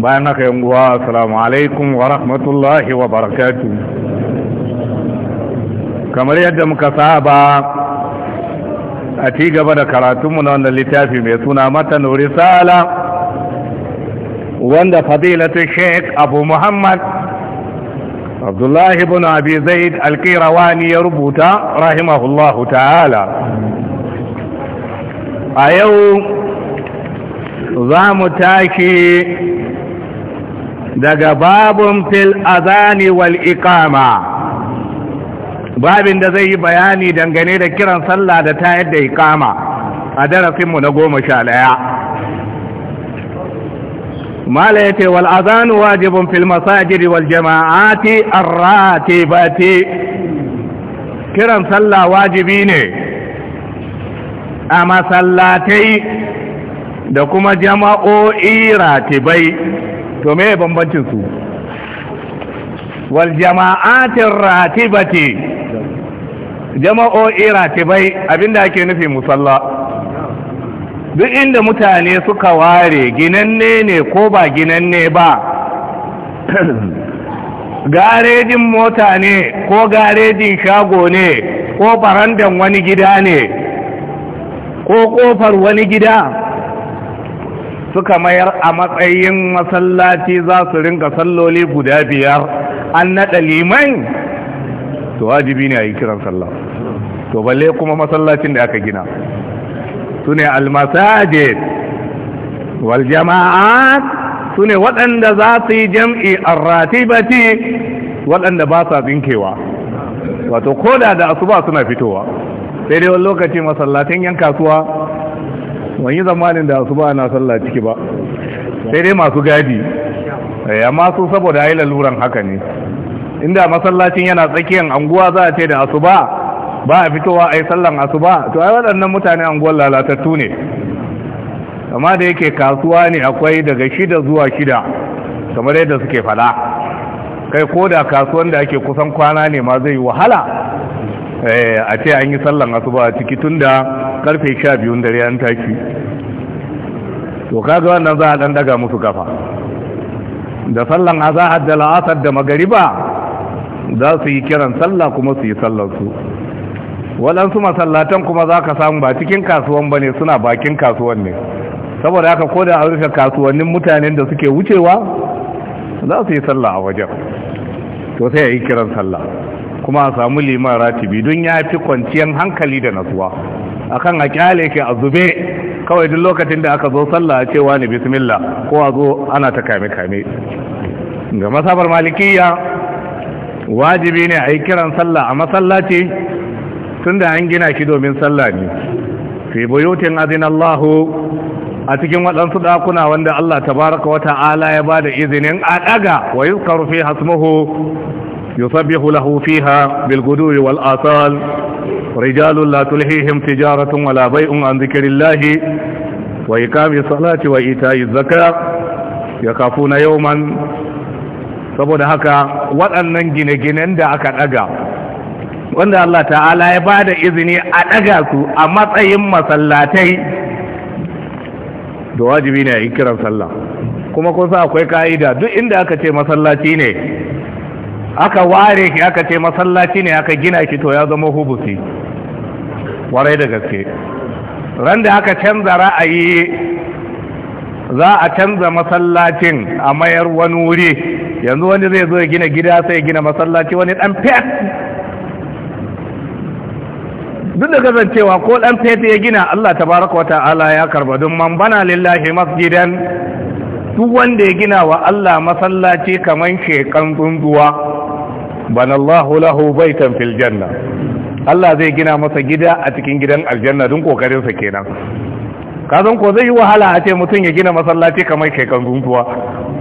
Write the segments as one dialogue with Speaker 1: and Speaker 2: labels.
Speaker 1: bayan haka yin guwa assalamu alaikum wa rahmatullahi wa barakatu kamar yadda muka saba a ci gaba da karatunmu na wannan littafi mai suna matan risala wanda fadilatu sheik abu muhammad abdullahi bin abi zaid alkirawani ya rubuta rahimahullahu ta'ala a yau za mu tashi. daga babun fil azani wal iqama babin da zai yi bayani dangane da kiran sallah da ta yadda iqama a darasinmu na goma sha ɗaya mala ya ce wal azanu wajibun fil masajidi wal jama'ati arratibati kiran sallah wajibi ne a masallatai da kuma jama'o'i ratibai to me bambancin su wal jama'atin ratibati jama'o'i ratibai abinda ake nufi musalla duk inda mutane suka ware ginanne ne ko ba ginanne ba garejin mota ne ko garejin shago ne ko farandan wani gida ne ko kofar wani gida suka mayar a matsayin masallaci za su rinka salloli guda biyar an naɗa liman to wajibi ne a yi kiran sallah to balle kuma masallacin da aka gina su ne almasajid wal jama'at su ne waɗanda za su yi jam'i ratibati waɗanda ba sa tsinkewa wato koda da asuba suna fitowa sai dai wani lokaci masallacin yan kasuwa wani yi zamanin da su ba na sallah ciki ba sai dai masu gadi eh, amma su saboda ayi laluran haka ne inda masallacin yana tsakiyar anguwa za a ce da asuba ba a fitowa ai sallan asuba to ai waɗannan mutane anguwar lalatattu ne amma da yake kasuwa ne akwai daga shida zuwa shida kamar yadda suke fada kai ko da kasuwan da ake kusan kwana ne ma zai yi wahala Eh, a ce an yi sallan asuba a ciki tun da karfe 12 dare an tashi to kaga wannan za a dan daga musu kafa da sallan azahar da la'asar da magariba za su yi kiran sallah kuma su yi sallansu waɗansu masallatan kuma za ka samu ba cikin kasuwan ba ne suna bakin kasuwan ne saboda haka ko da a rufe kasuwannin mutanen da suke wucewa za su yi sallah a wajen to sai ya yi kiran sallah kuma a samu liman ratibi don ya fi kwanciyar hankali da nasuwa akan a kyale ke a zube kawai duk lokacin da aka zo sallah cewa ne bismillah ko a zo ana ta kame kame ga masabar malikiya wajibi ne a yi kiran sallah a masallaci tunda an gina shi domin sallah ne fi buyutin azinallahu a cikin waɗansu ɗakuna wanda Allah tabaraka Wata Ala ya ba da izinin a ɗaga wa yi hasmuhu يصبح له فيها بالغدو والآصال رجال لا تلهيهم تجارة ولا بيع عن ذكر الله وإقام الصلاة وإيتاء الزكاة يخافون يوما saboda haka waɗannan gine-ginen da aka ɗaga wanda Allah ta'ala ya ba da izini a ɗaga su a matsayin masallatai da wajibi ne a yi kiran sallah kuma kusa akwai ka'ida duk inda aka ce masallaci ne aka ware shi aka ce masallaci ne aka gina shi to ya zama hubusi warai da gaske ran da aka canza ra'ayi za a canza masallacin a mayar wani wuri yanzu wani zai zo gina gida sai gina masallaci wani dan fet duk da kasancewa ko dan fet ya gina Allah tabaraka wa ta'ala ya karba don man bana lillahi masjidan duk wanda ya gina wa Allah masallaci kaman shekan tsunduwa banallahu lahu baitan fil janna Allah zai gina masa gida a cikin gidan aljanna dun kokarin sa kenan kazan ko zai yi wahala a ce mutum ya gina masallaci kamar kai kan gunguwa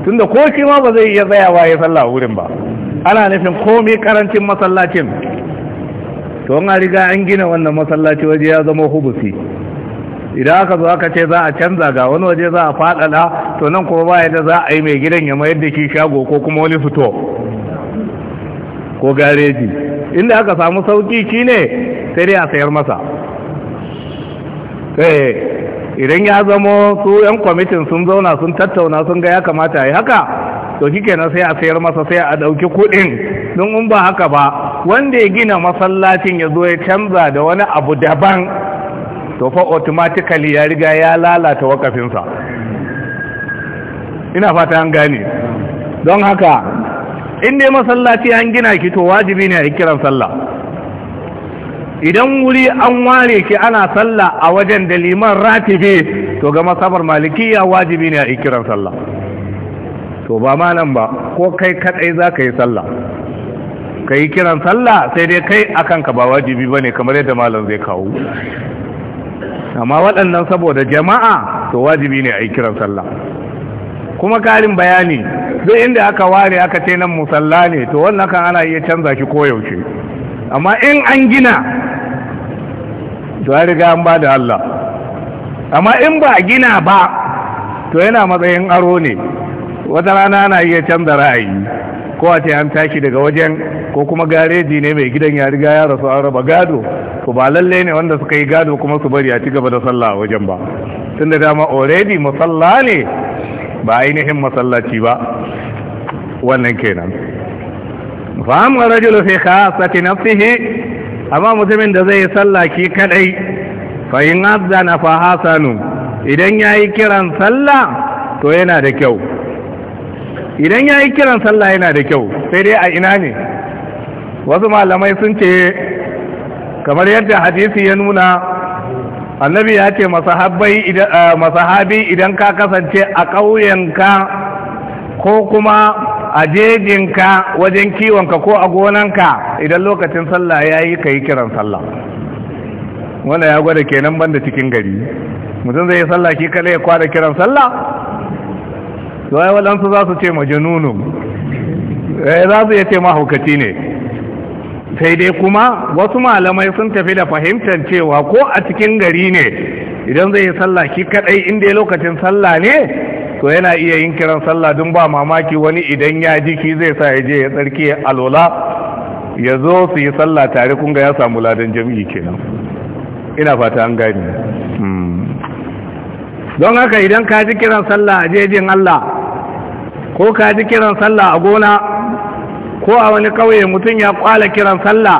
Speaker 1: tunda ko shi ma ba zai iya tsayawa ya sallah wurin ba ana nufin komai karancin masallacin to an riga an gina wannan masallaci waje ya zama hubusi idan aka zo aka ce za a canza ga wani waje za a faɗaɗa to nan kuma ba yadda za a yi mai gidan ya mayar da shi shago ko kuma wani fito ko gareji inda aka samu sauki ne, sai dai a sayar masa eh, idan ya zama su yan kwamitin sun zauna sun tattauna sun ga ya kamata ya haka to shi kenan sai a sayar masa sai a ɗauki kuɗin don in ba haka ba wanda ya gina masallacin ya zo ya canza da wani abu daban to fa automatically ya riga ya lalata wakafinsa ina fata an gane don haka in dai masallaci an gina ki to wajibi ne a yi kiran sallah idan wuri an ware ki ana sallah a wajen da liman ratife, to ga masabar malikiya wajibi ne a yi kiran sallah to ba ma ba ko kai kadai za ka yi sallah ka yi kiran sallah sai dai kai a kanka ba wajibi ba ne kamar yadda malam zai kawo amma waɗannan saboda jama'a to wajibi ne a yi kiran sallah kuma karin bayani duk inda aka ware aka ce nan musalla ne to wannan kan ana iya canza shi koyaushe amma in an gina to ya riga an ba Allah amma in ba a gina ba to yana matsayin aro ne wata rana ana iya canza ra'ayi ko a ce an tashi daga wajen ko kuma gareji ne mai gidan ya riga ya rasu an raba gado to ba lalle ne wanda suka yi gado kuma su bari a ci gaba da sallah a wajen ba Tunda dama already musalla ne ba ainihin masallaci ba wannan kenan fa amma rajul fi khasati nafsihi amma mutumin da zai ki kadai fa in azana fa hasanu idan yayi kiran sallah to yana da kyau idan yayi kiran sallah yana da kyau sai dai a ina ne wasu malamai sun ce kamar yadda hadisi ya nuna annabi ya ce eh, masahabi idan ka kasance a ƙauyenka ko kuma a jejinka wajen kiwonka ko a gonanka idan lokacin sallah ya yi ka yi kiran sallah wanda ya gwada kenan banda cikin gari mutum zai yi sallah shi kala ya kwada kiran sallah zuwa waɗansu za su ce majanunu eh, za su yi ce mahaukaci ne sai dai kuma wasu malamai sun tafi da fahimtar cewa ko a cikin gari ne idan zai yi sallah shi kadai inda lokacin sallah ne to yana iya yin kiran sallah don ba mamaki wani idan ya ji ki zai sa ya je ya tsarki alola ya zo su yi sallah tare kun ga ya samu ladan jami'i kenan ina fata an gani hmm. don haka idan ka ji kiran sallah a jejin Allah ko ka ji kiran sallah a gona ko a wani kauye mutum ya kwala kiran sallah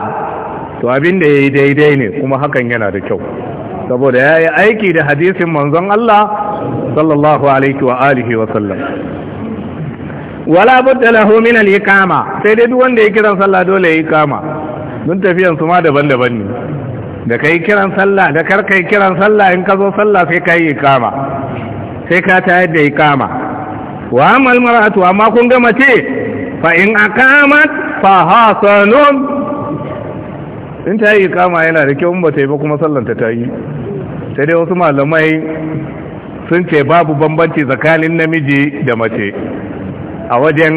Speaker 1: to abin da ya yi daidai ne kuma hakan yana da kyau saboda ya yi aiki da hadisin manzon Allah sallallahu alaihi wa alihi wa sallam wala budda lahu min al sai dai duk wanda ya kiran sallah dole ya ikama Mun tafiyan su ma daban-daban ne da kai kiran sallah da kar kai kiran sallah in ka zo sallah sai kai ikama sai ka tayar da ikama wa al mar'atu amma kun ga mace fa'in akamat fa hasanun in ta yi kama yana da kyau ba ta yi ba kuma sallanta ta yi sai dai wasu malamai sun ce babu bambanci tsakanin namiji da mace a wajen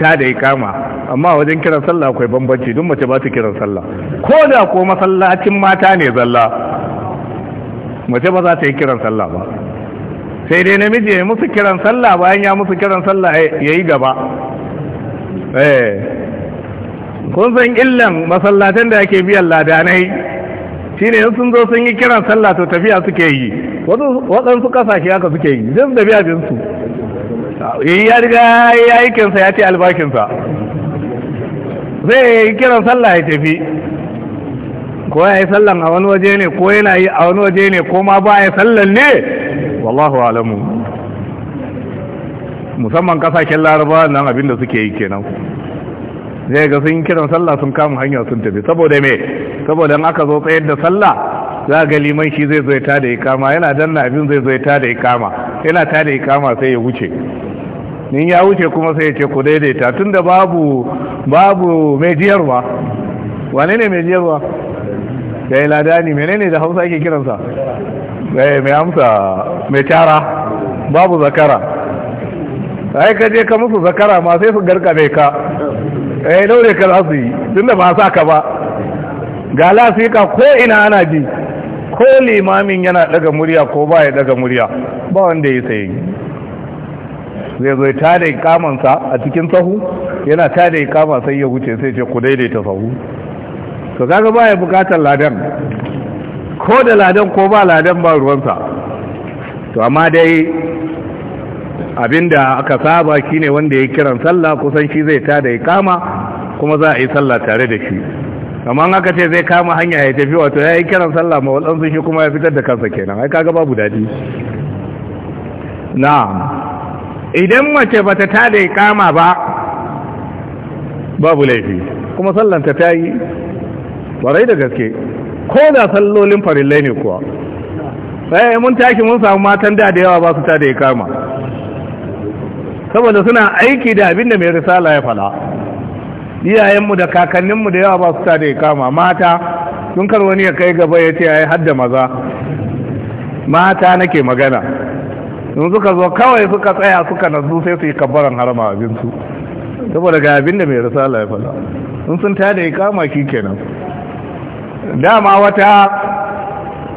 Speaker 1: ta da kama, amma wajen kiran sallah akwai bambanci don mace ba ta kiran sallah ko da ko masallacin mata ne zalla mace ba za ta yi kiran sallah ba sai dai namiji ya yi musu kiran sallah bayan ya musu kiran sallah ya yi gaba Eh. kun san illan masallatan da ake biyan ladanai shi ne sun zo sun yi kiran sallah to tafiya suke yi waɗansu ƙasashe haka suke yi zai da biya jinsu yi eh, ya riga ya yi kinsa ya ce albakinsa zai yi kiran sallah ya tafi ko ya yi sallan a wani waje ne ko yana yi a wani waje ne ko ma ba ya sallan ne wallahu alamu musamman kasashen laraba nan abinda suke yi kenan zai ga sun kiran sallah sun kama hanya sun tafi saboda me saboda an aka zo tsayar da sallah za ga liman shi zai zo ya tada ikama yana danna abin zai zo ya tada ikama yana tada ikama sai ya wuce Nin ya wuce kuma sai ya ce ku daidaita tunda babu babu mai jiyarwa wane ne mai jiyarwa ya yi ladani menene da hausa ake kiransa mai amsa mai tara babu zakara ai ka je ka musu zakara ma sai su garkame ka eh daure ka za su yi tunda ba sa ka ba ga lasika ko ina ana bi ko limamin yana daga murya ko ba ya daga murya ba wanda ya sayi zai zo ta da ikamansa a cikin sahu yana ta da ikama sai ya wuce sai ce ku daidaita sahu to kaga ba ya bukatar ladan ko da ladan ko ba ladan ba ruwansa to amma dai abinda aka saba shine wanda ya kiran sallah kusan shi zai ta ya kama kuma za a yi sallah tare da shi amma aka ce zai kama hanya ya tafi wato ya yi kiran sallah ma waɗansu shi kuma ya fitar da kansa kenan ai kaga babu daɗi na idan mace bata ta ya kama ba babu laifi kuma sallanta ta yi warai da gaske ko da sallolin farillai ne kuwa sai eh, mun tashi mun samu matan da da yawa ba su ta da kama saboda suna aiki da abin da mai risala ya fala iyayenmu da kakanninmu da yawa ba su ta kama. mata sun kar wani ya kai gaba ya ce ya yi hadda maza mata nake magana sun suka zo kawai suka tsaya suka nazu sai su yi kabbaran harama abinsu saboda ga abin da mai risala ya fala sun sun ta da kama shi kenan dama wata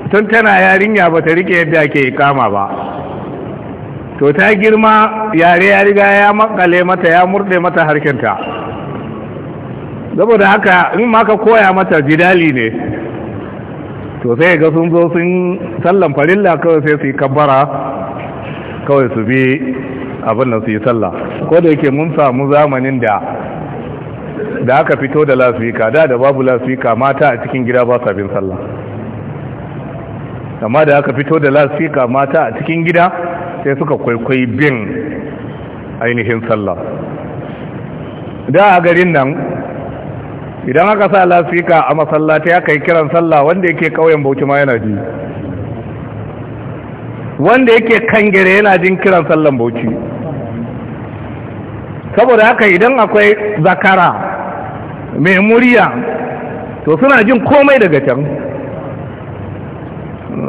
Speaker 1: tun tana yarinya ba ta rike yadda ake kama ba to ta girma yare ya riga ya makale mata ya murde mata harkinta saboda haka in ma ka koya mata jidali ne to sai ga sun zo sun sallan farilla kawai sai su yi kabbara kawai su bi abin nan su yi sallah ko da yake mun samu zamanin da da aka fito da lasuika da da babu lasuika mata a cikin gida ba sabin sallah amma da aka fito da lasuika mata a cikin gida sai suka kwaikwai bin ainihin sallah da a garin nan idan aka sa lasika a masallata ya kai kiran sallah wanda yake kauyen bauchi ma yana ji wanda yake kangare yana jin kiran sallan bauchi saboda haka idan akwai zakara mai murya to suna jin komai daga can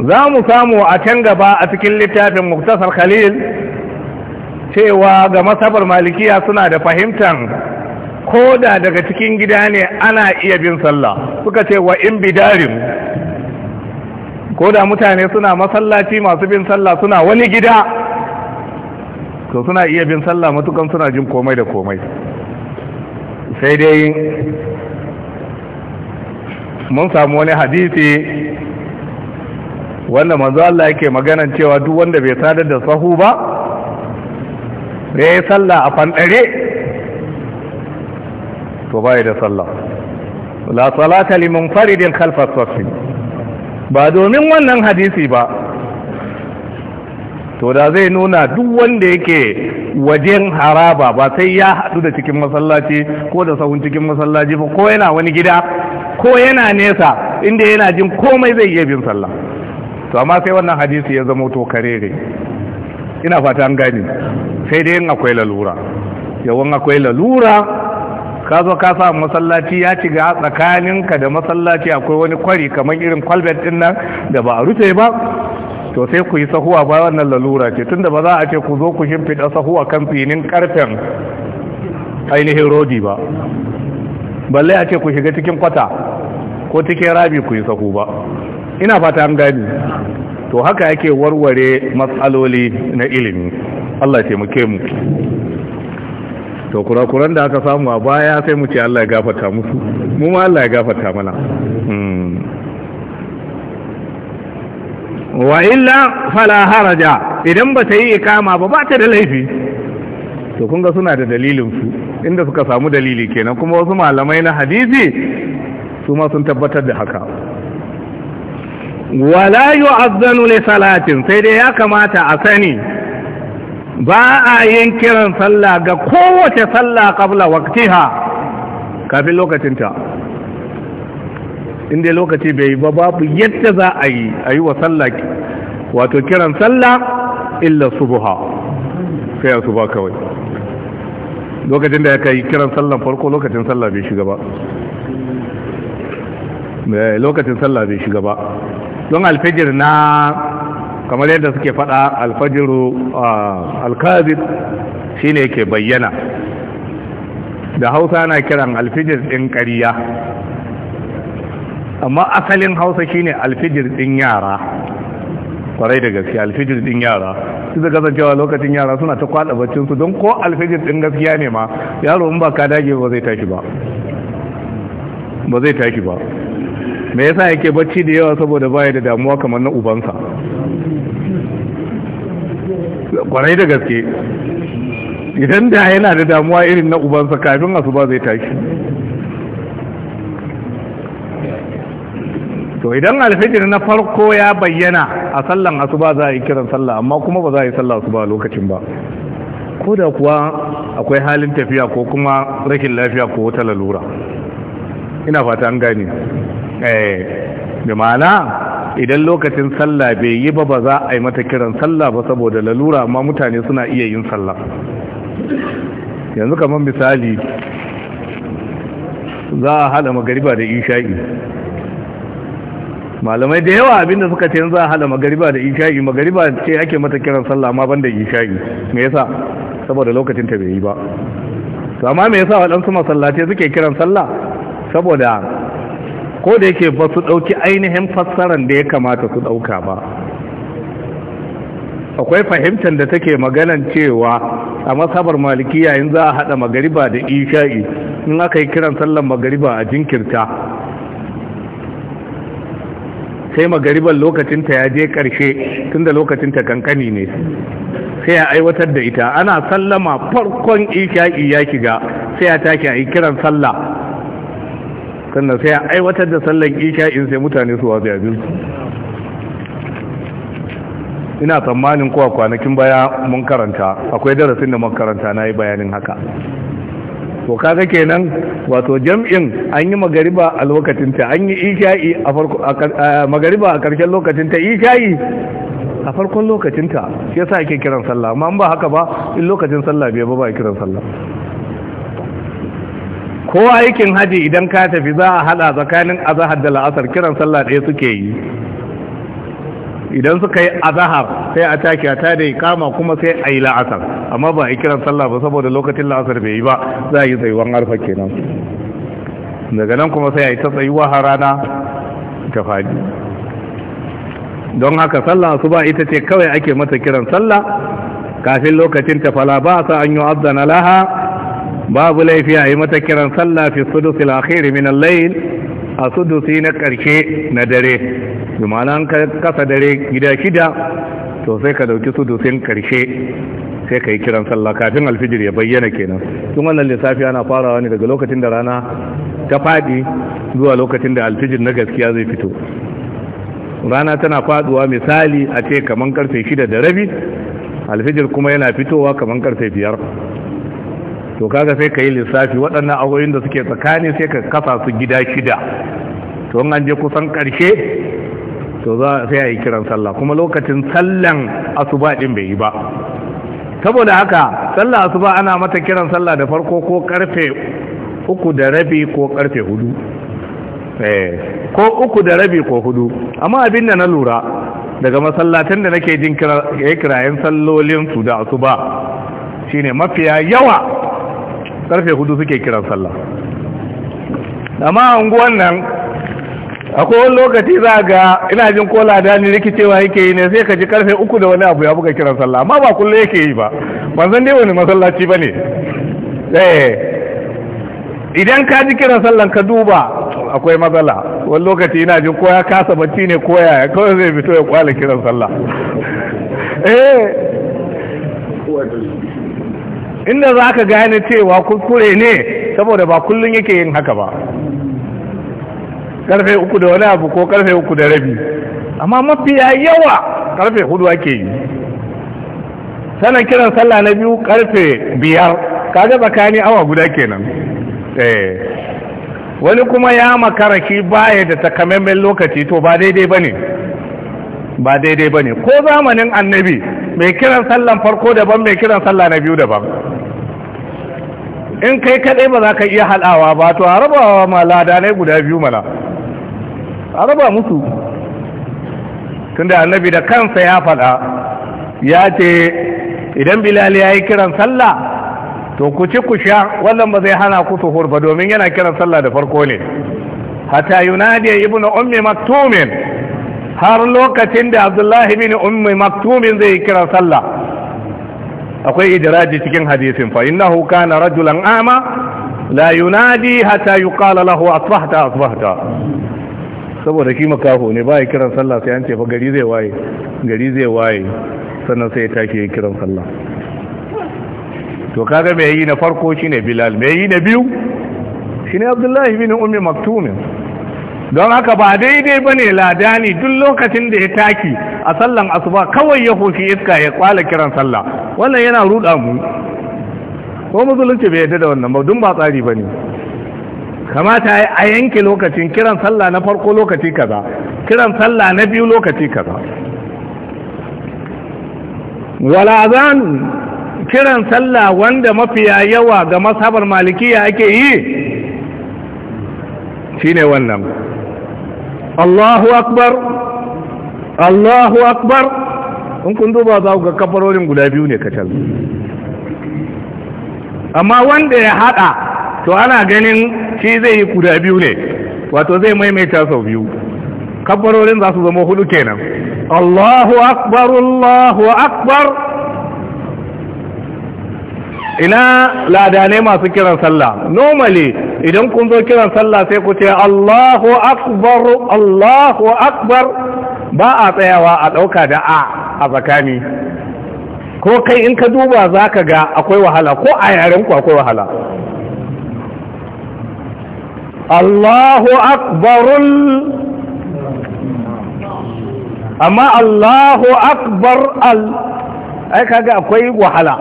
Speaker 1: za mu samu a can gaba a cikin littafin muktasar khalil cewa ga masabar malikiya suna da fahimtar ko da daga cikin gida ne ana iya bin sallah suka ce wa in bidarin ko da mutane suna masallaci masu bin sallah suna wani gida to suna iya bin sallah matukan suna jin komai da komai sai dai mun samu wani hadisi wanda manzo Allah yake maganan cewa duk wanda bai sadar da sahu ba ya yi sallah a fanɗare to bai da sallah la salata liman faridin safi ba domin wannan hadisi ba to da zai nuna duk wanda yake wajen haraba ba sai ya hadu da cikin masallaci ko da sahun cikin masallaci ba ko yana wani gida ko yana nesa inda yana jin komai zai iya bin sallah to amma sai wannan hadisi ya zama to karere ina fata an gani sai dai in akwai lalura yawan akwai lalura ka zo ka sa masallaci ya ci ga tsakaninka da masallaci akwai wani kwari kamar irin kwalbet din nan da ba a rufe ba to sai ku yi sahuwa ba wannan lalura ce tunda ba za a ce ku zo ku shimfiɗa sahuwa kan finin karfen ainihin rodi ba balle a ce ku shiga cikin kwata ko cikin rabi ku yi sahu ba ina fata an gani to haka yake warware matsaloli na ilimi Allah taimake mu to kurakuran da aka samu a baya sai mu ce Allah ya gafarta musu mu ma Allah ya gafarta mana hmm. wa illa fala haraja idan ba ta yi ikama ba ba ta da laifi to kun ga suna da dalilin su inda suka samu dalili kenan kuma wasu malamai na hadisi su ma sun tabbatar da haka wala azzanu le salatin sai dai ya kamata a sani ba a yin kiran sallah ga kowace sallah qabla ha kafin lokacinta inda lokaci bai ba babu yadda za a yi a yi wa sallah wato kiran sallah illa subha sai ba kawai lokacin da ya kai kiran sallah farko lokacin sallah bai shiga ba eh, lokacin sallah bai shiga ba don alfajir na kamar yadda suke faɗa alfajiru alkazib shi ne ke bayyana da hausa na kiran alfijir ɗin ƙariya amma asalin hausa shi ne alfijir ɗin yara kwarai da gaske alfijir ɗin yara su da kasancewa lokacin yara suna ta kwaɗa baccinsu don ko alfijir ɗin gaskiya ne ma yaro in ba ka dage ba zai tashi ba ba zai tashi ba me yasa yake bacci da yawa saboda baya da damuwa kamar na ubansa kwarai da gaske idan da yana da damuwa irin na ubansa kafin asuba zai tashi to idan alfijir na farko ya bayyana a sallan asuba za a yi kiran sallah amma kuma ba za a yi sallah asuba a lokacin ba ko da kuwa akwai halin tafiya ko kuma rashin lafiya ko wata lalura ina fata an gani da eh, ma'ana idan lokacin sallah bai yi ba ba za a yi mata kiran sallah ba saboda lalura amma mutane suna iya yin sallah yanzu kamar misali za a hada magariba da isha'i malamai da yawa abinda suka ce za a hada magariba da isha'i magariba ce ake mata kiran sallah ban banda isha'i me yasa saboda lokacin ta bai yi ba to amma me yasa waɗansu masallatai suke kiran sallah saboda ko da yake ba su ɗauki ainihin fassaran da ya kamata su ɗauka ba akwai fahimtar da take maganan cewa a masabar maliki yayin za a haɗa magariba da isha'i in aka yi kiran sallan magariba a jinkirta sai magariban lokacinta ya je ƙarshe tunda lokacinta kankani ne sai ya aiwatar da ita ana sallama farkon isha'i ya shiga sai ya tashi a yi kiran sallah sannan sai a aiwatar da sallar isha'in sai mutane su wasu abin ina tsammanin kowa kwanakin baya mun karanta akwai darasin da mun karanta na yi bayanin haka to kaga kenan wato jam'in an yi magariba a lokacin ta an yi isha'i a farko magariba a karshen lokacin ta isha'i a farkon lokacin ta shi yasa ake kiran sallah amma ba haka ba in lokacin sallah bai ba ba kiran sallah ko aikin haji idan ka tafi za a hada tsakanin azahar da la'asar kiran sallah ɗaya suke yi idan suka yi azahar sai a take a tada kama kuma sai a yi la'asar amma ba a kiran sallah ba saboda lokacin la'asar bai yi ba za a yi tsayuwan arfa kenan daga nan kuma sai a yi ta tsayuwa har rana ta faɗi don haka sallah su ba ita ce kawai ake mata kiran sallah kafin lokacin tafala ba sa an yi azana laha babu laifi a yi mata kiran sallah fi sudusil akhir min al-layl a sudusi na karshe na dare bi ma'ana kasa dare gida shida to sai ka dauki sudusin karshe sai ka yi kiran sallah kafin alfijir ya bayyana kenan tun wannan lissafi ana farawa ne daga lokacin da rana ta faɗi zuwa lokacin da alfijir na gaskiya zai fito rana tana faduwa misali a ce kamar karfe shida da rabi alfijir kuma yana fitowa kamar karfe biyar to kaga sai ka yi lissafi waɗannan awoyin da suke tsakani sai ka kasa su gida shida to an je kusan ƙarshe to za sai a yi kiran sallah kuma lokacin sallan asuba ɗin bai yi ba saboda haka sallah asuba ana mata kiran sallah da farko ko karfe uku da rabi ko karfe hudu eh, ko uku da rabi ko hudu amma abin da na lura daga masallatan da nake jin kira kirayen sallolin su da asuba shine mafiya yawa karfe hudu suke kiran sallah amma unguwan nan akwai wani lokaci za ga ina jin kola da ni rikicewa yake yi ne sai ka ji karfe uku da wani abu ya buga kiran sallah amma ba kullum yake yi ba ban san dai wani masallaci ba ne eh. idan ka ji kiran sallah ka duba akwai matsala wani lokaci ina jin koya kasa bacci ne koya ya kawai zai fito ya kwale kiran sallah eh inda za ka gane cewa kuskure ne saboda ba kullum yake yin haka ba karfe uku da wani abu ko karfe uku da rabi amma mafiya yawa karfe hudu ake yi Sanan kiran sallah na biyu karfe biyar kaga tsakani awa guda kenan eh wani kuma ya makara shi baya da takamaiman lokaci to ba daidai bane ba daidai bane ko zamanin annabi mai kiran sallan farko daban mai kiran sallah na biyu daban in kai kadai ba za ka iya halawa ba to a rabawa ma ladanai guda biyu mana a raba musu tunda annabi da kansa ya faɗa ya ce idan bilal ya yi kiran sallah to ku ci ku sha wannan ba zai hana ku suhur ba domin yana kiran sallah da farko ne hatta yunadi ibnu ummi maktumin har lokacin da abdullahi bin ummi maktumin zai kira sallah akwai idiraji cikin hadisin fa innahu kana rajulan ama la yunadi hatta yuqala lahu asbahta asbahta saboda ki makaho ne ba ya kiran sallah sai an ce fa gari zai waye gari zai waye sannan sai ya take ya kiran sallah to kaga mai yi na farko shine bilal mai yi na biyu shine abdullahi bin ummi maktumin don haka ba daidai ba ne ladani duk lokacin da ya taki a sallan asuba kawai ya hoshi iska ya kwala kiran sallah wannan yana ruɗa mu ko musulunci bai yadda da wannan ba dun ba tsari ba ne kamata a yanke lokacin kiran sallah na farko lokaci kaza kiran sallah na biyu lokaci kaza wala zanu kiran sallah wanda mafiya yawa ga masabar malikiya ake yi shine wannan Allahu akbar Allahu akbar in kun duba za ku ga kafarorin guda biyu ne kacal amma wanda ya hada to ana ganin shi zai yi guda biyu ne wato zai maimaita sau biyu kafarorin za su zama hudu kenan Allahu akbar Allahu akbar ina ladanai masu kiran sallah normally idan kun zo kiran sallah sai ku ce Allahu akbar Allahu akbar ba a tsayawa a ɗauka da a a tsakani ko kai in ka duba za ga akwai wahala ko a ku akwai wahala Allahu akbarul amma Allahu akbar al ai kaga akwai wahala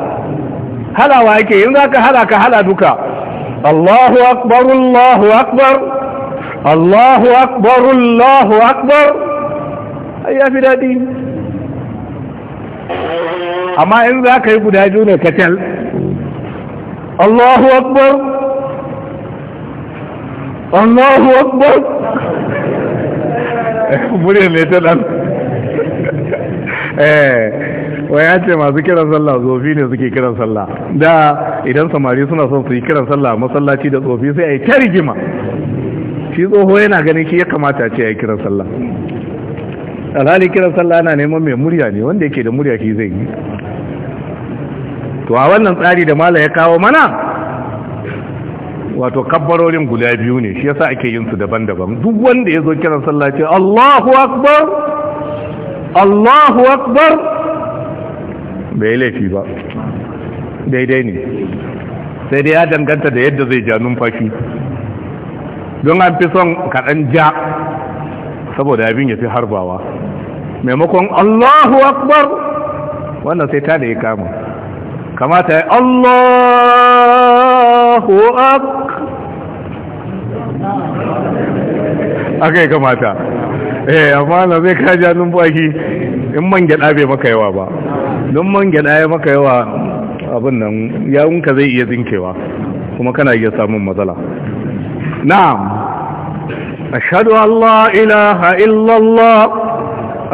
Speaker 1: halawa yake yanzu za ka hala ka hala duka Allahu Akbar, Allahu Akbar, Allahu Akbar, Allahu Akbar, hayya fila ama Amma in za ka yi guda biyu ne kacal, Allahu Akbar, Allahu Akbar, mure ne ta nan. Ee. Wa ya ce masu kiran sallah zofi ne suke kiran sallah da idan samari suna son su yi kiran sallah masallaci da tsofi sai a yi ta rigima shi tsoho yana ganin shi ya kamata ce a yi kiran sallah alhali kiran sallah ana neman mai murya ne wanda yake da murya shi zai yi to a wannan tsari da mala ya kawo mana wato kabbarorin guda biyu ne shi yasa ake yin su daban-daban duk wanda ya zo kiran sallah ce Allahu akbar Allahu akbar bai laifi ba daidai ne sai dai ya danganta da yadda zai ja numfashi don an fi son kaɗan ja saboda abin ya fi harbawa maimakon allahu akbar wannan sai ta da ya kama kamata ya allahu akbar aka yi kamata eh amma na zai ja numfashi in man gyaɗa bai maka yawa ba don man ya maka yawa abin nan yawunka zai iya zinkewa kuma kana iya samun matsala na'am ashhadu Allah ilaha illallah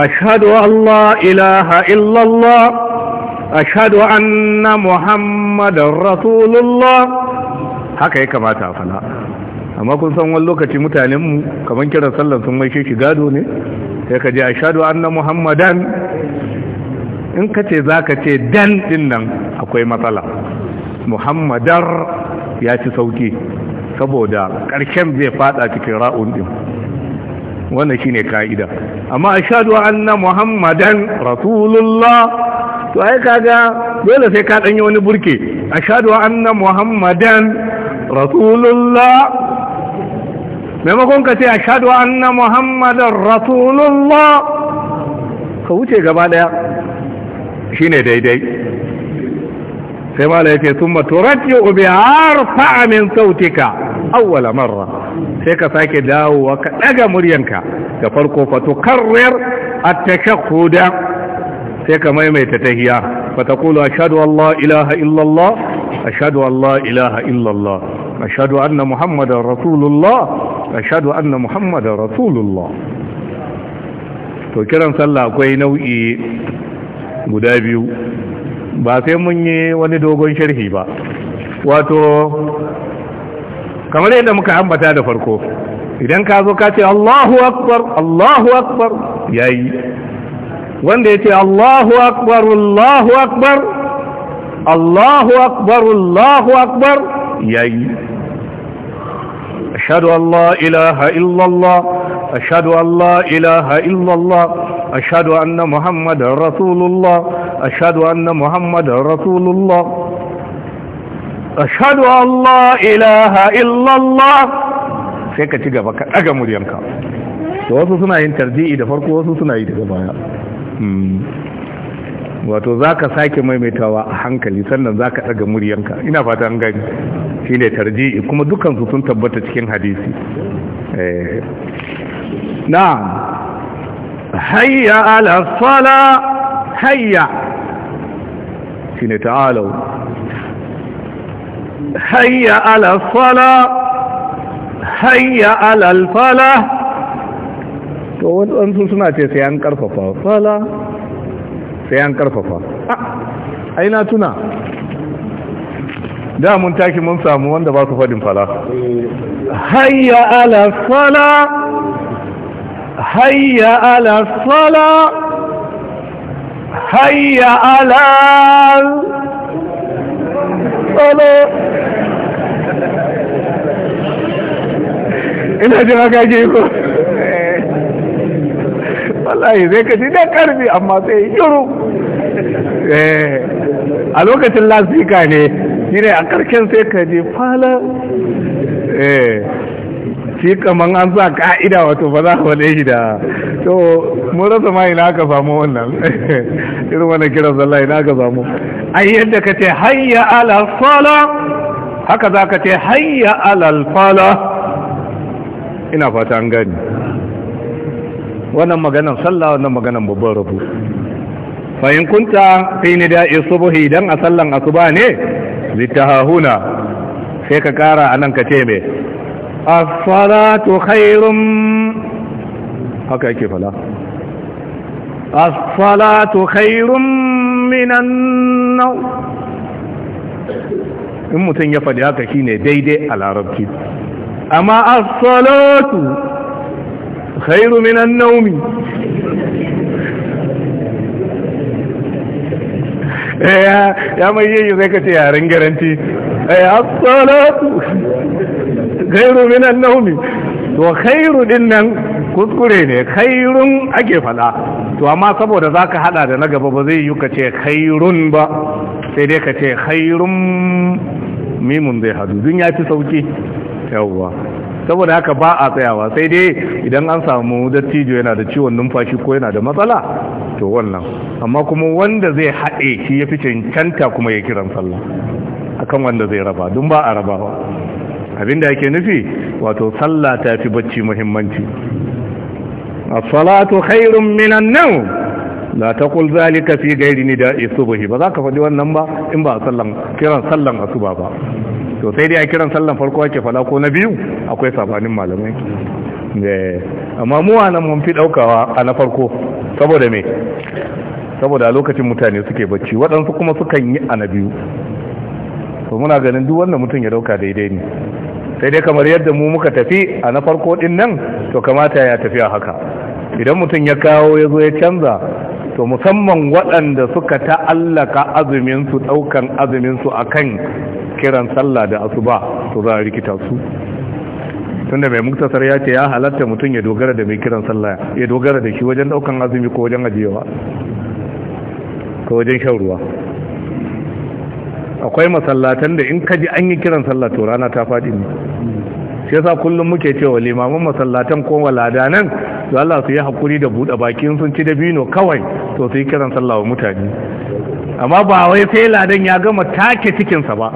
Speaker 1: ashhadu an ilaha illallah ashhadu anna muhammadar rasulullah haka ya kamata a fana amma kun san wani lokaci mutanenmu kamar kiran sallar sun mai shi gado ne sai ka je ashhadu anna muhammadan in ka ce za ka ce dan din nan akwai matsala muhammadar ya ci sauki saboda ƙarshen zai fada cikin ra'un din shi ne ka'ida amma a an na muhammadan rasulullah to ai kaga dole sai ka ɗanyi wani burke an na muhammadan rasulullah maimakon ka ce a an na muhammadan rasulullah ka wuce gaba ɗaya Shi ne daidai sai mala yake summa turajji'u bi arfa amin sautika awwala marra sai ka sake dawowa ka daga muryanka da farko fa tukarrir at-tashahhud sai ka maimaita tahiyya fa taqulu ashhadu an la ilaha illa allah ashhadu an la ilaha illa allah ashhadu anna muhammadar rasulullah ashhadu anna muhammadar rasulullah to kiran sallah akwai nau'i guda biyu ba sai mun yi wani dogon sharhi ba wato kamar yadda muka ambata da farko idan ka zo ka ce Allahu akbar Allahu akbar yayi wanda ya ce Allahu akbar Allahu akbar Allahu akbar Allahu akbar yayi ashhadu an la ilaha illa Allah ashhadu an la ilaha illallah. أشهد أن محمد رسول الله أشهد أن محمد رسول الله أشهد أن لا إله إلا الله sai ka ci gaba ka ɗaga muryanka da wasu suna yin tarji'i da farko wasu suna yi daga baya wato za ka sake maimaitawa a hankali sannan za ka ɗaga muryanka ina fata an gani shi ne tarji'i kuma dukansu sun tabbata cikin hadisi na hayya ala sala hayya shine ta'alau hayya ala sala hayya ala al-falah to wadansu suna ce sai an karfafa sala sai an ai na tuna da mun taki mun samu wanda ba su faɗin fala hayya ala sala هيا
Speaker 2: على الصلاة هيا على الصلاة
Speaker 1: ina jin haka ke ko wallahi zai kaji da karfi amma sai yuru eh, a lokacin lasika ne shi ne a karshen sai kaji fala eh. shi kaman an sa ka'ida wato ba za ka wane shi da to mun rasa ma ina ka samu wannan irin wannan kiran sallah ina ka samu ai yadda ka ce hayya ala Fala, haka za ka ce hayya ala fala ina fata an gani wannan maganan sallah wannan maganan babban rabu fayin kunta fi isu buhi don a sallan asuba ne litahahuna sai ka kara a nan ka ce me as-salatu khairum haka yake fala as-salatu khairum minan nawm in mutum ya faɗi haka shine daidai a larabci amma as-salatu khairu minan nawmi eh, ya mai yi sai ka ce yaren garanti as-salatu khairu min an-nawmi to khairu nan kuskure ne khairun ake fada to amma saboda zaka hada da na gaba ba zai yi ka ce khairun ba sai dai ka ce khairun mimun zai hadu dun ya fi sauki yawwa saboda haka ba a tsayawa sai dai idan an samu dattijo yana da ciwon numfashi ko yana da matsala to wannan amma kuma wanda zai haɗe shi ya fi cancanta kuma ya kiran sallah akan wanda zai raba dun ba a rabawa abinda yake nufi wato sallah ta fi bacci muhimmanci as-salatu khairun minan nawm la taqul zalika fi ghairi nida'i subhi ba za ka faɗi wannan ba in ba sallan kiran sallan asuba ba to sai dai a kiran sallan farko ake fada ko na biyu akwai sabanin malamai eh, amma mu nan mun fi daukawa a na farko saboda me saboda lokacin mutane suke bacci waɗansu kuma sukan yi a na biyu to muna ganin duk wanda mutum ya dauka daidai ne sai dai kamar yadda mu muka tafi a na farko din nan to kamata ya tafi a haka idan mutum ya kawo ya zo ya canza to musamman waɗanda suka ta'allaka azumin su daukan a kan kiran sallah da asuba to za a rikita su tunda mai muktasar ya ce ya halatta mutum ya dogara da mai kiran sallah ya dogara da shi wajen daukan azumi ko wajen ajiyewa ko wajen shan ruwa akwai masallatan da in kaji an yi kiran sallah to rana ta faɗi ne shi yasa kullum muke cewa limamin masallatan ko nan to Allah su yi hakuri da buɗe bakin sun ci dabino kawai to su yi kiran sallah wa mutane amma ba wai sai ladan ya gama take cikinsa ba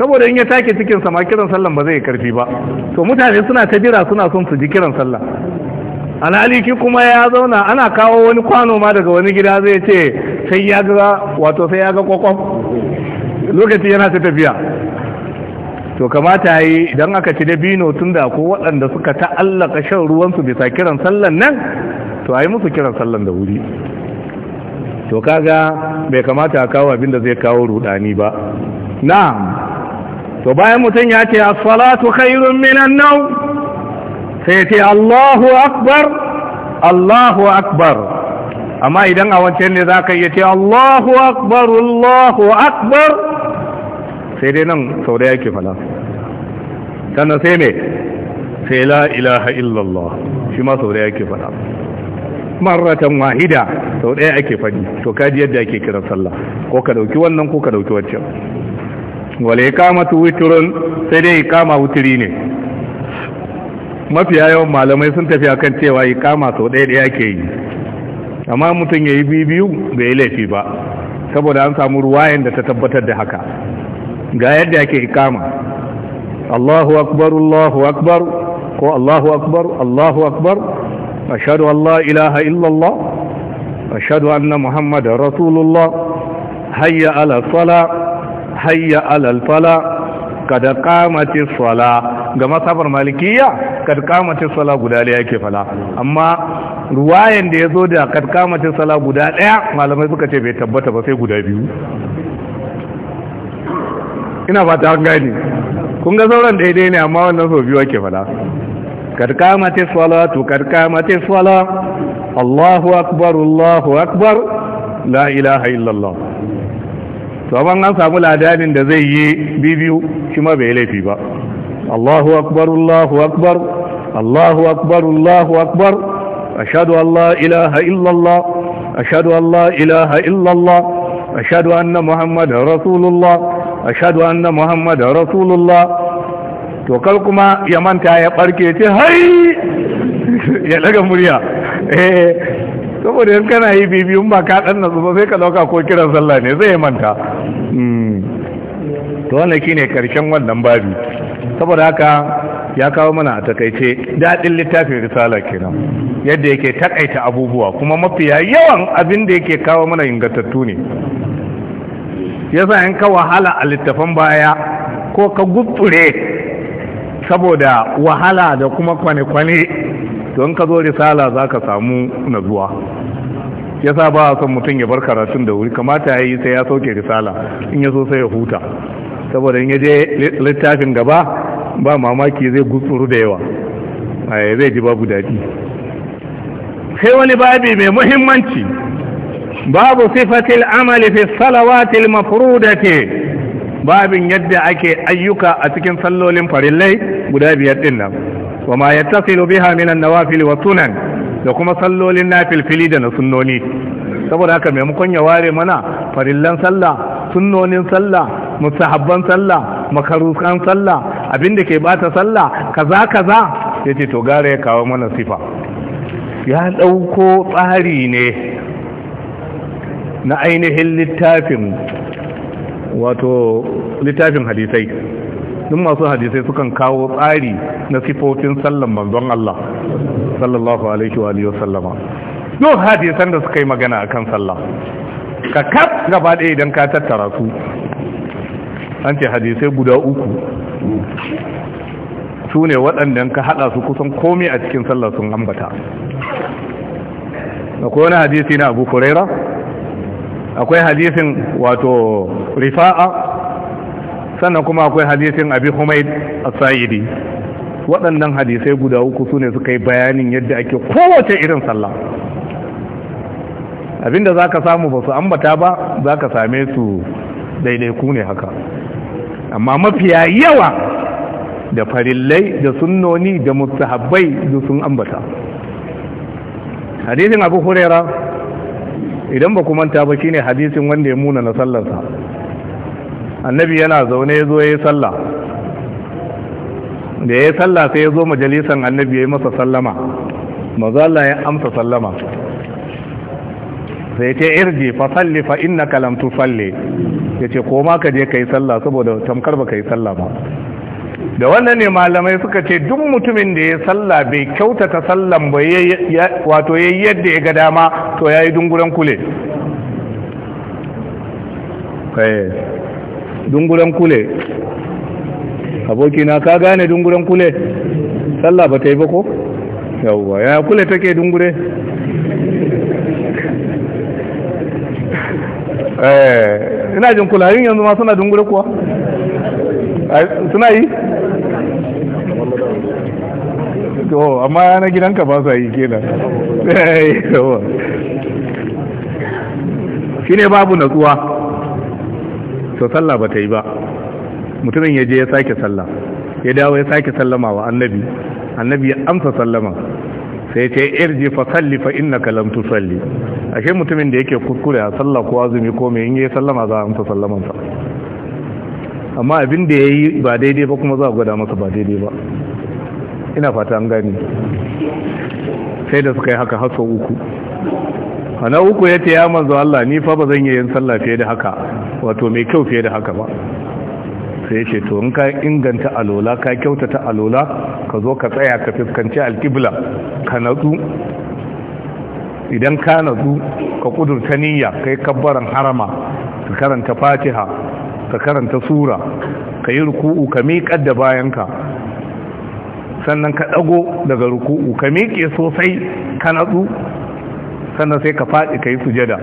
Speaker 1: saboda in ya take cikinsa ma kiran sallah ba zai karfi ba to mutane suna ta jira suna son su ji kiran sallah alhaliki kuma ya zauna ana kawo wani kwano ma daga wani gida zai ce sai ya ga wato sai ya ga kwakwam lokaci yana ta tafiya to kamata yi idan aka ci da bino tun da ko waɗanda suka ta'allaka shan ruwansu bisa kiran sallan nan to a yi musu kiran sallan da wuri to kaga bai kamata a kawo abinda zai kawo rudani ba na to bayan mutum ya ce asfalatu khairun minan nau sai ce Allahu akbar Allahu akbar amma idan a wancan ne za ka iya ce Allahu akbar Allahu akbar sai dai nan sau da yake fala sannan sai ne sai la ilaha illallah shi ma sau da yake fala maratan wahida sau ɗaya ake faɗi to kaji yadda ake kiran sallah ko ka ɗauki wannan ko ka ɗauki waccan wale kama tu witrun sai dai kama wuturi ne mafiya yawan malamai sun tafi akan cewa ikama sau ɗaya ɗaya ake yi amma mutum ya yi biyu bai yi laifi ba saboda an samu ruwayan da ta tabbatar da haka ga yadda ake ikama Allahu akbar Allahu akbar ko Allahu akbar Allahu akbar ashhadu an la ilaha illallah ashhadu anna muhammadar rasulullah hayya ala sala hayya ala al fala kada kamace sala ga masabar malikiya kada kamace sala guda da yake fala amma ruwayan da ya zo da katkamacin sala guda ɗaya malamai suka ce bai tabbata ba sai guda biyu ina ba ta gani kun ga sauran daidai ne amma wannan sau biyu ake fada katkamacin sala to katkamacin sala allahu akbar allahu akbar la ilaha illallah to ban an samu ladanin da zai yi bibiyu shi ma bai laifi ba allahu akbar allahu akbar allahu akbar allahu akbar أشهد أن لا إله إلا الله أشهد أن لا إله إلا الله أشهد أن محمد رسول الله أشهد أن محمد رسول الله to kar kuma ya manta ya barke ce hai ya daga murya eh saboda yan kana yi bibiyun ba ka dan nasu ba sai ka dauka ko kiran sallah ne zai manta hmm. to wannan shine karshen wannan babi saboda haka ya kawo mana a takaice daɗin littafin risala kenan yadda yake takaita abubuwa kuma mafiya yawan abin da yake kawo mana ingantattu ne yasa in ka wahala a littafan baya ko ka gubture saboda wahala da kuma kwane-kwane don ka zo risala za ka samu nazuwa yasa ba a son mutum ya bar karatun da wuri kamata ya yi sai ya sauke risala in ya so sai ya huta saboda in ya je littafin gaba ba mamaki zai gutsuru da yawa zai ji babu daɗi sai wani babi mai muhimmanci babu sifatil amali fi salawatil mafrudati babin yadda ake ayyuka a cikin sallolin farillai guda biyar din nan wama yattasilu biha min an-nawafil wa sunan da kuma sallolin nafilfili da na sunnoni saboda haka maimakon ya ware mana farillan sallah sunnonin sallah mustahabban sallah makarukan sallah Abin da ke bata sallah kaza kaza Ya ce to gara ya kawo mana sifa ya ɗauko tsari ne na ainihin littafin wato littafin hadisai ɗin masu hadisai sukan kawo tsari na sifofin sallan manzon Allah sallallahu alaihi wa alihi wasallama Yau hadisan da suka yi magana akan sallah ka kaf gaba ɗaya idan ka tattara su an ce hadisai guda uku su ne waɗanda ka haɗa su kusan komai a cikin sallah sun ambata akwai wani hadisi na abu kuraira akwai hadisin wato rifa'a sannan kuma akwai hadisin abi humaid as-sa'idi waɗannan hadisai guda uku su ne suka yi bayanin yadda ake kowace irin sallah abinda za ka samu ba su ambata ba za ka same su daidaiku ne haka amma mafiya yawa da farillai da sunnoni da musahabbai da sun ambata hadisin abu hurera idan ba kuma ta ba shine hadisin wanda ya muna na sallarsa annabi yana zaune ya zo ya yi sallah da ya yi sallah sai ya zo majalisan annabi ya yi masa sallama mazala ya amsa sallama sai ta irji fasalli fa na kalamtu falle. ya ce koma ka je ka yi sallah saboda tamkar ba ka yi sallah ba da wannan ne malamai suka ce duk mutumin da ya sallah bai kyautata sallan ba wato ya yi yadda ya ga dama to ya yi dunguren kule eh, dunguren kule abokina ka gane dunguren kule sallah ba ta yi ba ko yawwa ya kule take dungure eh ina jin kularin yanzu ma suna dungure kuwa suna yi to amma na gidanka ba sa yi kenan eh, shi ne babu natsuwa to sallah ba ta yi ba mutumin ya je ya sake sallah ya dawo ya sake sallama wa annabi annabi ya amsa sallama sai ce irji fa salli fa innaka lam tusalli ashe mutumin da yake kuskure a sallah ko azumi ko me in yayi sallama za a amsa sallaman sa amma abin da yayi ba daidai ba kuma za a gwada masa ba daidai ba ina fata an gani sai da suka yi haka haso uku ana uku ya ce ya manzo Allah ni fa ba zan yi yin sallah fiye da haka wato mai kyau fiye da haka ba sai ce to in ka inganta alola ka kyautata alola ka zo ka tsaya ka fuskanci alkibla ka natsu idan ka natsu ka kudurta niyya kai kabbaran harama ka karanta fatiha ka karanta sura ka yi ruku'u ka miƙar da bayanka sannan ka ɗago daga ruku'u ka miƙe sosai ka natsu sannan sai ka faɗi ka yi sujada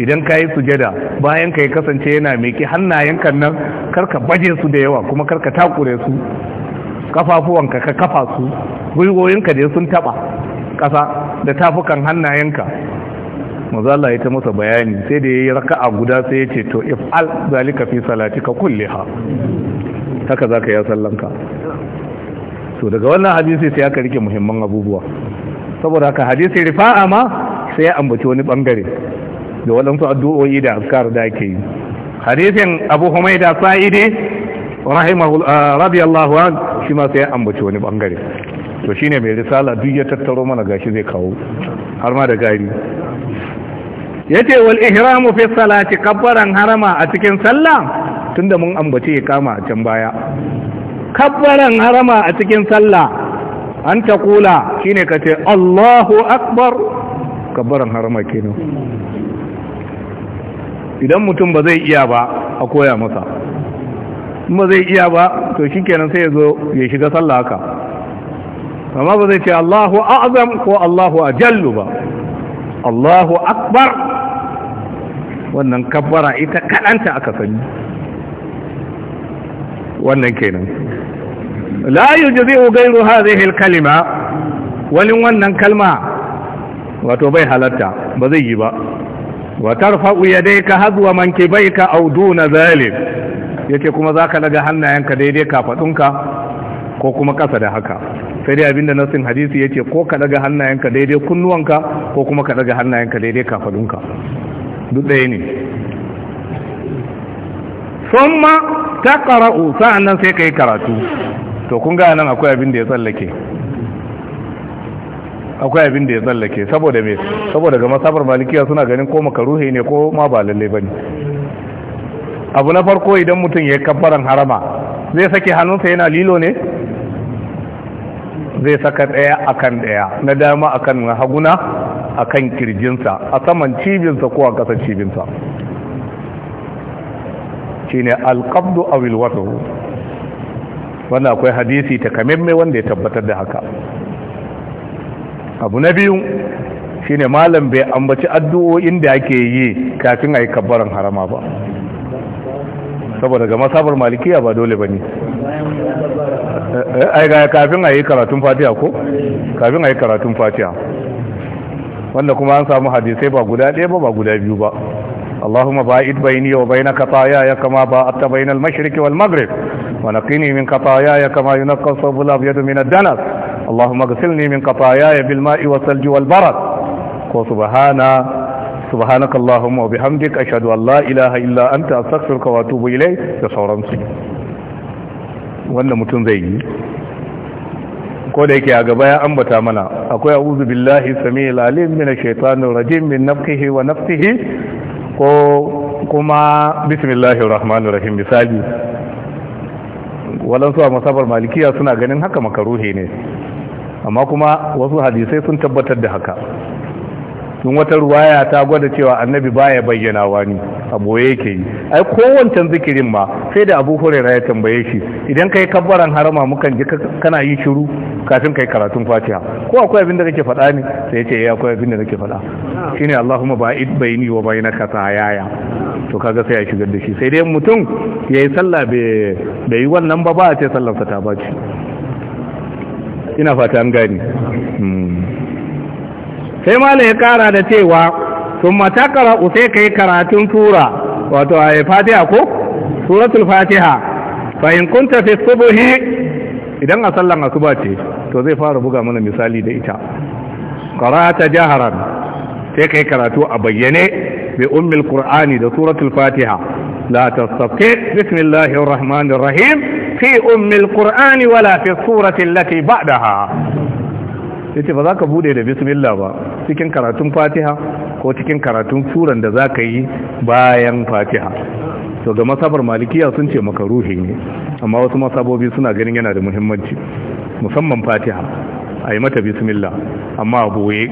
Speaker 1: idan ka yi sujada bayan ka yi kasance yana meke hannayenka nan karka baje su da yawa kuma karka takure su kafafuwanka ka kafa su gwiwoyinka da sun taba kasa da tafukan hannayenka maza Allah ya ta masa bayani sai da ya yi raka'a guda sai ya ce to if al zalika fi kulle ha, haka za ka ya sallanka to daga wannan hadisi sai aka rike muhimman abubuwa saboda haka hadisi rifa'a ma sai ya ambaci wani bangare da waɗansu addu'o'i da askar da ake yi hadisin abu humaida sa'idi ah, radiyallahu an shi ma sai ambaci wani bangare to shine mai risala duk ya tattaro mana gashi zai kawo har ma da gari yace wal ihramu fi salati kabbaran harama a cikin sallah tunda mun ambace kama a can baya kabbaran harama a cikin sallah an ta kula shine kace Allahu akbar kabbaran harama kenan idan mutum ba zai iya ba a koya masa ba zai iya ba to shikenan sai ya zo ya shiga sallah haka amma ba zai ce Allahu a'zam ko Allahu ajallu ba Allahu akbar wannan kabbara ita kadanta aka sani wannan kenan la yujzi'u ghayru hadhihi alkalima kalima walin wannan kalma wato bai halatta ba zai yi ba wa tarfa'u yadayka hadwa mankibayka aw duna zalik yace kuma zaka daga hannayenka daidai kafadunka ko kuma kasa da haka sai dai abinda nasin hadisi yace ko ka daga hannayenka daidai kunnuwanka ko kuma ka daga hannayenka daidai kafadunka duk ɗaya ne summa taqra'u nan sai kai karatu to kun ga nan akwai abin da ya tsallake akwai abin da ya tsallake saboda me saboda ga masabar malikiya suna ganin ko makaruhi ne ko ma ba lalle bane abu na farko idan mutum ya kabbaran harama zai sake hannunsa yana lilo ne zai saka daya akan daya na dama akan haguna akan kirjinsa a saman cibinsa ko a kasar cibinsa shine alqabdu a watr wannan akwai hadisi takamaimai wanda ya tabbatar da haka abu na biyu shine malam bai ambaci addu'o'in da ake yi kafin a yi kabbaran harama ba saboda ga masabar malikiya ba dole bane eh, ai ga kafin yi karatun fatiya ko kafin a yi karatun fatiya wanda kuma an samu hadisai ba guda ɗaya ba ba guda biyu ba اللهم باعد بيني وبينك خطاياي كما باعدت بين المشرق والمغرب ونقني من خطاياي كما ينقى الثوب الابيض من الدنس اللهم اغسلني من قطاياي بالماء والثلج والبرد وسبحانا سبحانك اللهم وبحمدك اشهد ان لا اله الا انت استغفرك واتوب اليك illa anta astaghfiruka wa mutum zai yi ko da yake a gaba ya ambata mana akwai a'udhu billahi samiyil alim minash shaitanir rajim min nafsihi wa nafsihi ko kuma bismillahir rahmanir rahim misali walan su a masabar malikiya suna ganin haka makaruhi ne amma kuma wasu hadisai sun tabbatar da haka tun wata ruwaya ta gwada cewa annabi baya bayyana wani a boye yake yi ai kowancan zikirin ma sai da abu huraira ya tambaye shi idan kai kabbaran harama mukan ji kana yi shiru kafin kai karatun fatiha ko akwai abin da kake faɗa ne sai ya ce ya eh, akwai abin da kake faɗa shine allahumma ba'id baini wa bainaka yaya to kaga sai ya shigar da shi sai dai mutum yayi sallah bai yi wannan ba ba a ce sallarsa ta baci ina fatan gani
Speaker 2: hmm.
Speaker 1: sai malam ya kara da cewa sun matakara usai kai karatun tura wato a fatiha ko suratul fatiha bayan kunta fi subuhi idan a sallan asuba ce to zai fara buga mana misali da ita karata jaharan sai kai karatu a bayyane bi ummil qur'ani da suratul fatiha la tasabbi bismillahir rahmanir rahim في ummil qur'ani wala fi الصورة التي بعدها yace ba za ka bude da bismillah ba cikin karatun fatiha ko cikin karatun suran da za ka yi bayan fatiha to ga masabar malikiya sun ce maka ruhi ne amma wasu masabobi suna ganin yana da muhimmanci musamman fatiha a yi mata bismillah amma a boye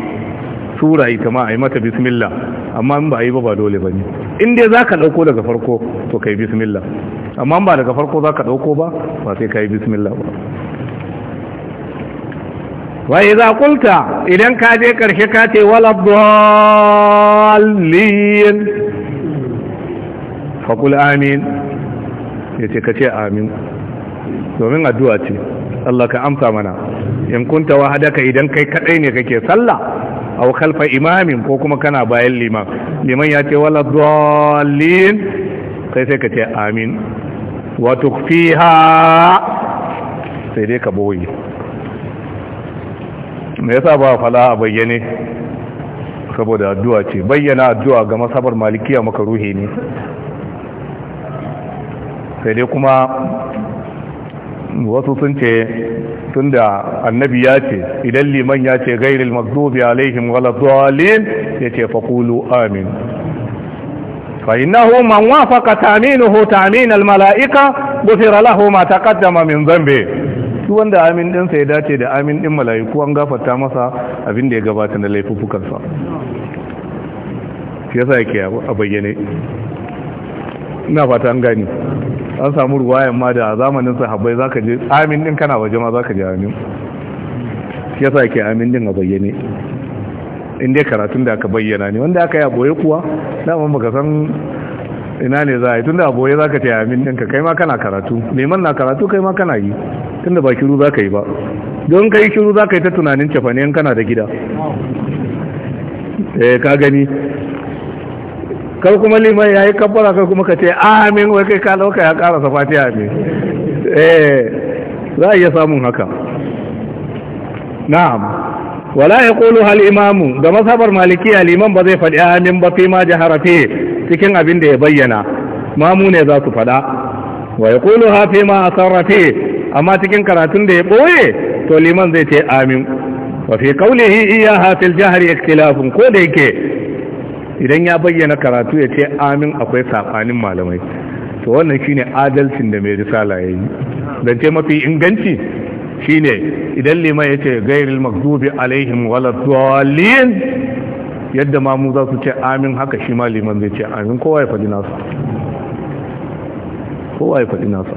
Speaker 1: sura ita ma a yi mata bismillah amma in ba a yi ba ba dole ba ne inda za ka ɗauko daga farko to ka yi bismillah amma ba daga farko za ka ɗauko ba ba sai ka yi bismillah ba wa za kulta idan ka je karshe ka ce wala dallin fa qul amin yace ka ce amin domin addu'a ce Allah ka amsa mana in kunta wahadaka idan kai kadai ne kake sallah aw khalfa imamin ko kuma kana bayan liman liman ya ce wala dallin kai sai ka ce amin wa tukfiha sai dai ka boye me yasa ba fala a bayyane saboda addu'a ce bayyana addu'a ga masabar malikiya makaruhi ne sai dai kuma wasu sun ce tun da annabi ya ce idan liman ya ce gairil mazubi alaihim wala dhalin ya ce faqulu amin fa innahu man wafaka taminuhu tamin almala'ika malaika ghufira lahu kaddama taqaddama min zambe Su wanda amin din ya dace da amin din malaiku an gafarta masa abin da ya gabata na laifukansa shi yasa yake a bayyane na fata an gani an samu ruwayan ma da zamanin sahabbai ka je amin din kana waje ma za ka je amin ya sa ke amin din a bayyane in dai karatun da aka bayyana ne wanda aka yi aboye kuwa dama baka san ina ne za a yi tunda aboye za ka amin din ɗinka kai ma kana karatu neman na karatu kai ma kana yi tun da ba kiru za ka yi ba don kai kiru za ka yi ta tunanin cefane in kana da gida eh ka gani kar kuma liman ya yi kabbara kar kuma ka ce amin wai kai ka ya karasa fatiha ne eh za a iya samun haka na'am wala ya kulu hal imamu da masabar malikiya liman ba zai faɗi amin ba fi ma jihar fi cikin abin da ya bayyana mamu ne za su faɗa wa ya kulu ha fi ma asarra fi amma cikin karatun da ya ɓoye to liman zai ce amin wa fi kaulihi iya hafil jihar ikhtilafun ko da yake idan ya bayyana karatu ya ce amin akwai saɓanin malamai to wannan shine adalcin da mai risala yayi yi ce mafi inganci shine idan liman ya ce gairil makdubi alaihim waladwalin yadda mu za su ce amin haka shi ma liman zai ce amin kowa ya faɗi nasa kowa ya faɗi nasa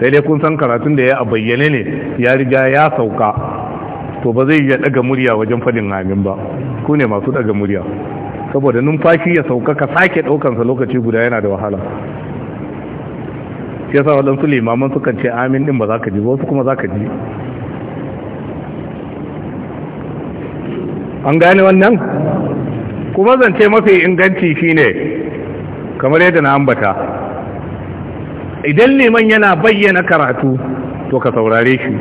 Speaker 1: sai dai kun san karatun da ya a bayyane ne ya riga ya sauka to ba zai ya daga murya wajen faɗin amin ba su ne masu daga murya saboda numfashi ya sauka ka sake ɗaukansa lokaci guda yana da wahala shi yasa waɗansu limaman sukan ce amin ɗin ba za ka ji wasu kuma za ka ji an gane wannan kuma zance mafi inganci shine kamar yadda na ambata idan liman yana bayyana karatu to ka saurare shi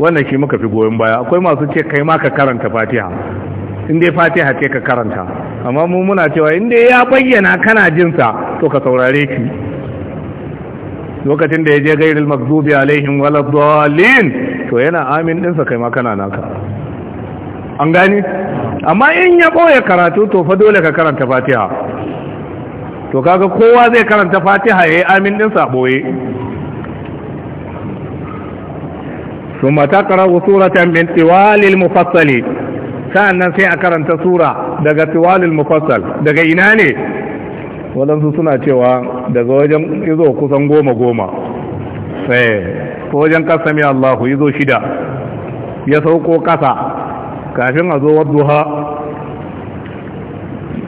Speaker 1: wannan shi muka fi goyon baya akwai masu ce kai ma ka karanta fatiha in dai fatiha ce ka karanta amma mu muna cewa in dai ya bayyana kana jinsa to ka saurare ki lokacin da ya je gairil maghdubi alaihim waladdallin to yana amin sa kai ma kana naka an gani amma in ya boye karatu to fa dole ka karanta fatiha to kaga kowa zai karanta fatiha yayi amin sa boye ثم تقرأ سورة من طوال المفصلين sa'annan sai a karanta sura daga tiwalil mufassal daga ina ne waɗansu suna cewa daga wajen izo kusan goma goma sai eh, wajen kasami allahu izo shida ya sauko ƙasa kafin a zo wadduha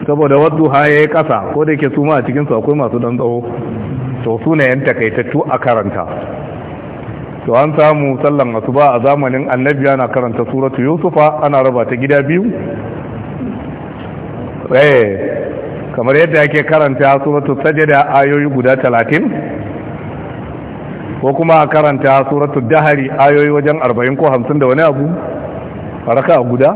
Speaker 1: saboda wadduha ya yi ƙasa ko da ke suma a cikinsu akwai masu ɗan tsawo to su ne yan takaitattu a karanta to an samu sallan asuba a zamanin annabi ana karanta suratu yusufa ana raba ta gida biyu eh kamar yadda ake karanta suratu sajada ayoyi guda talatin ko kuma a karanta suratu dahari ayoyi wajen arba'in ko hamsin da wani abu a guda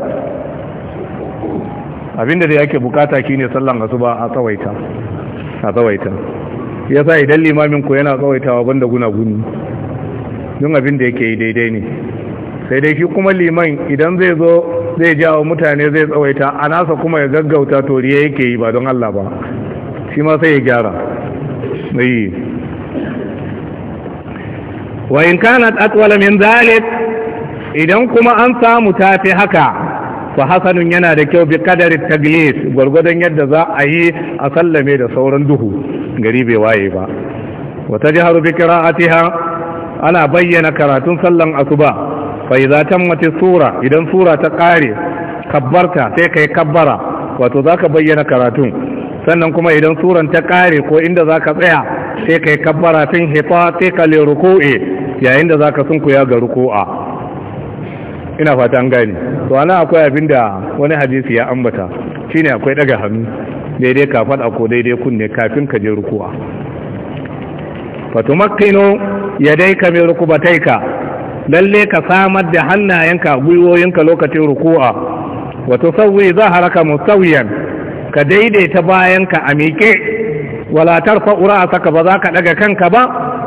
Speaker 1: abinda da yake bukata shine sallan asuba a tsawaita a tsawaita yasa idan limamin ku yana tsawaitawa banda guna guni don abin da yake yi daidai ne sai dai shi kuma liman idan zai zo zai jawo mutane zai tsawaita a nasa kuma ya gaggauta toriya yake yi ba don Allah ba shi ma sai ya gyara yi wa in kana atwala min zalik idan kuma an samu tafi haka fa hasanun yana da kyau bi kadari taglis gwargwadon yadda za a yi a sallame da sauran duhu gari bai waye ba wata jihar bi qira'atiha ana bayyana karatun sallan asuba fa idza tammati sura idan sura ta kare kabbarta sai kai kabbara wato zaka bayyana karatun sannan kuma idan suran ta kare ko inda zaka tsaya sai kai kabbara tun hita sai ka le ruku'i yayin da zaka sunkuya ga ruku'a ina fata an gani to ana akwai abinda wani hadisi ya ambata shine akwai daga hannu daidai kafaɗa ko daidai kunne kafin ka je ruku'a fatumakkinu yadayka min rukubataika lalle ka samar da hannayenka gwiwoyinka lokacin ruku'a wa tusawwi zaharaka musauyan ka daidaita bayanka a miƙe wala tarfa ra'saka ba za ka daga kanka ba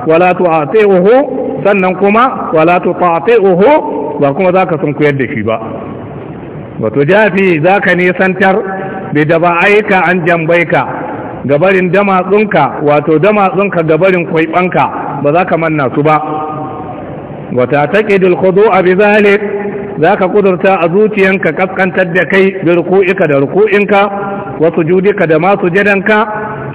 Speaker 1: wala tu'atihu sannan kuma wala uhu ba kuma za ka sunkuyar da shi ba wato jafi za ka nisantar aika an jambai ka. gabarin damatsunka wato damatsunka gabarin kwaibanka ba za ka manna su ba wata taqidul a bi za zaka kudurta a zuciyanka kaskantar da kai da ruku'ika da ruku'inka wasu sujudika da ma sujudanka